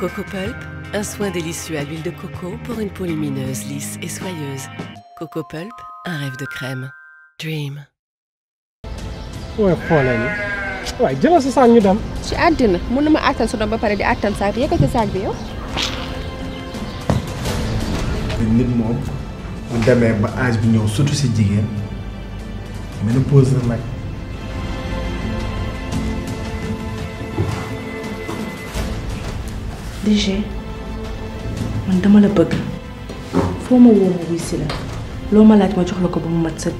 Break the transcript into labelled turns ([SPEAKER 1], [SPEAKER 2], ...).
[SPEAKER 1] Coco Pulp, un soin délicieux à l'huile de coco pour une peau lumineuse, lisse et soyeuse. Coco Pulp,
[SPEAKER 2] un rêve de crème. Dream.
[SPEAKER 3] Ouais,
[SPEAKER 4] xoolal
[SPEAKER 5] c'est ça, sa saag ñu dem. ci àddina mën na ma àttan sa doom ba pare di àttan saag bi yëkkati saag bi yow.
[SPEAKER 6] nit moom bu demee ba âge bi ñëw surtout si jigéen ménopause na nag.
[SPEAKER 7] DG man dama la bëgg foo ma woo ma la loo ma laaj ma jox la ko ba mu mat sëkk